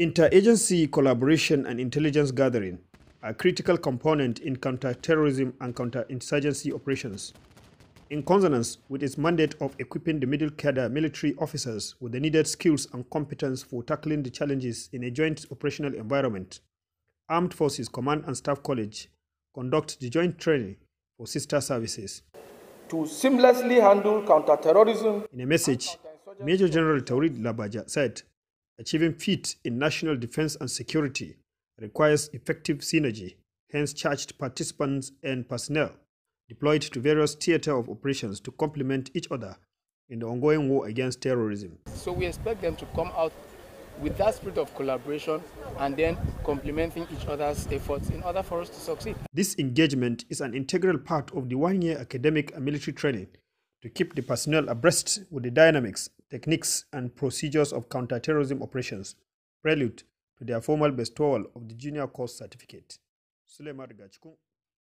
Interagency collaboration and intelligence gathering are critical component in counterterrorism and counterinsurgency operations. In consonance with its mandate of equipping the middle cadre military officers with the needed skills and competence for tackling the challenges in a joint operational environment, Armed Forces Command and Staff College conduct the joint training for sister services. To seamlessly handle counterterrorism. In a message, Major General Taurid Labaja said Achieving feat in national defense and security requires effective synergy, hence charged participants and personnel deployed to various theater of operations to complement each other in the ongoing war against terrorism. So we expect them to come out with that spirit of collaboration and then complementing each other's efforts in order for us to succeed. This engagement is an integral part of the one-year academic and military training to keep the personnel abreast with the dynamics techniques and procedures of counterterrorism operations, prelude to their formal bestowal of the Junior Course Certificate. Suleiman